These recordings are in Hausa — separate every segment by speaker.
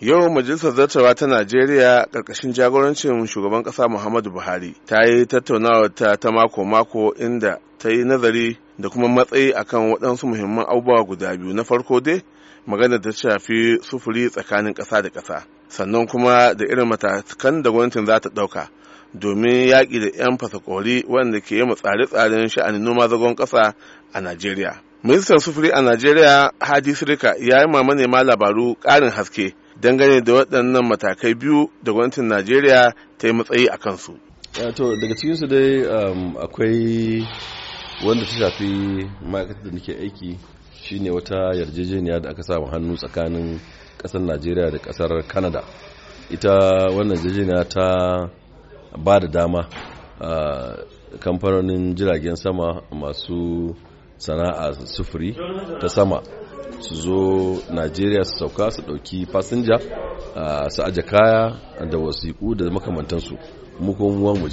Speaker 1: Yau Majalisar Zartawa ta Najeriya karkashin jagorancin shugaban ƙasa Muhammadu Buhari ta yi tattaunawa ta ta mako-mako inda ta yi nazari da kuma matsayi akan waɗansu muhimman abubuwa guda biyu na farko dai magana ta shafi sufuri tsakanin ƙasa da ƙasa sannan kuma da irin matakan da gwamnatin za ta ɗauka domin yaƙi da 'yan fasakori wanda ke yi tsare-tsaren sha'anin noma zagon ƙasa a Najeriya. Ministan sufuri a Najeriya Hadi Sirika ya yi ma manema labaru ƙarin haske dangane da waɗannan matakai biyu da gwamnatin najeriya ta yi matsayi a kansu
Speaker 2: eh, to daga cikinsu dai um, akwai wanda ta shafi ma'aikatar da nake aiki shine wata yarjejeniya da aka samu hannu tsakanin ƙasar najeriya da ƙasar canada ita wannan yarjejeniya ta ba da dama uh, kamfanonin jiragen sama masu sana'a sufuri ta sama su zo najeriya su sauka su ɗauki fasinja su aje kaya da wasiƙu da makamantansu mu kuma mu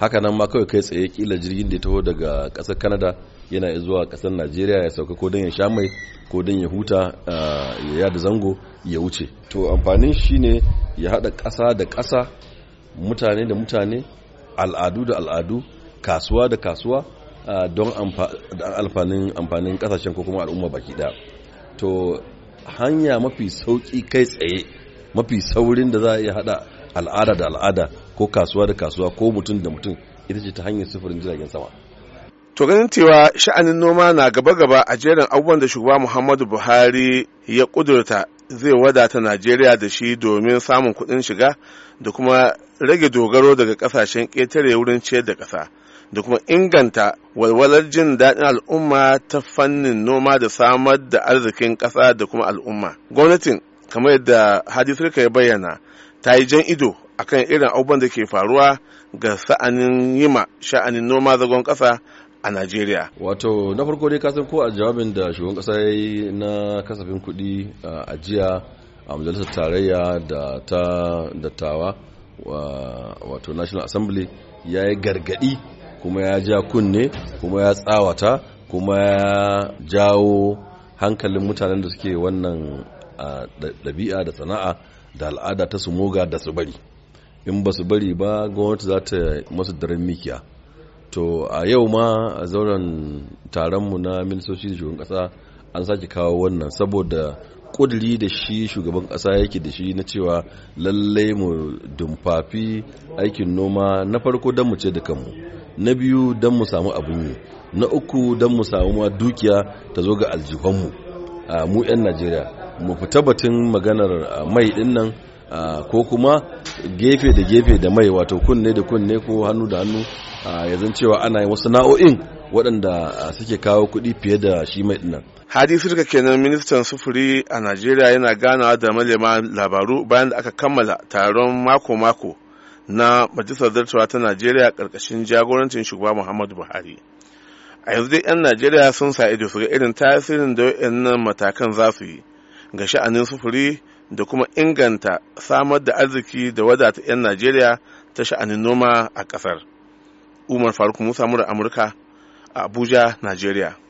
Speaker 2: haka nan ma kawai kai tsaye kila jirgin da ya taho daga ƙasar canada yana zuwa ƙasar najeriya ya sauka ko don ya sha mai ko don ya huta ya yada zango ya wuce to amfanin shi ne ya haɗa ƙasa da ƙasa mutane da mutane al'adu da al'adu kasuwa da kasuwa don alfanin amfanin kasashen ko kuma al'umma baki da to hanya mafi sauki kai tsaye mafi saurin da za a iya hada al'ada da al'ada ko kasuwa da kasuwa ko mutum da mutum ita ce ta hanyar sufurin jiragen sama
Speaker 1: To ganin cewa sha'anin noma na gaba-gaba a jerin abubuwan da shugaba Muhammadu Buhari ya kudurta zai wadata Najeriya da shi domin samun kuɗin shiga da kuma rage dogaro daga ƙasashen ƙetare wurin ciyar da ƙasa. da kuma inganta walwalar jin daɗin al'umma ta fannin noma da samar da arzikin ƙasa da kuma al'umma. Gwamnatin kamar yadda hadisirka ya bayyana ta yi jan ido akan irin abubuwan da ke faruwa ga sa'anin yima sha'anin noma zagon ƙasa a Najeriya. Wato
Speaker 2: na farko dai kasan ko a jawabin da shugaban ƙasa ya yi na kasafin kuɗi a jiya a majalisar tarayya da ta dattawa wato National Assembly ya yi gargaɗi kuma ya ja kunne kuma ya tsawata kuma ya jawo hankalin mutanen da suke wannan ɗabi'a da sana'a da al'ada ta su moga da su bari in ba su bari ba gwamnati za ta masu daren mikiya to a yau ma a zauren taronmu na ministoci da shugaban kasa an sake kawo wannan saboda kudiri da shi shugaban ƙasa yake da shi na cewa lallai mu dumfafi aikin noma na farko don mu ce da kanmu na biyu don mu samu abin yi na uku don mu samu ma dukiya ta zo ga aljihunmu a mu 'yan najeriya mu fita batun maganar mai din nan ko kuma gefe da gefe da mai wato kunne da kunne ko hannu da hannu ya zan cewa ana yi wasu na'o'in waɗanda suke kawo kuɗi fiye da shi mai dinnan.
Speaker 1: Hadi Sirka kenan ministan sufuri a Najeriya yana ganawa da malema labaru bayan da aka kammala taron mako-mako na majalisar zartawa ta najeriya ƙarƙashin jagorancin shugaba muhammadu buhari a yanzu dai 'yan najeriya sun sa ido su ga irin tasirin da waɗannan matakan za su yi ga sha'anin sufuri da kuma inganta samar da arziki da wadata 'yan najeriya ta sha'anin noma a ƙasar umar faruk musa mura amurka a abuja najeriya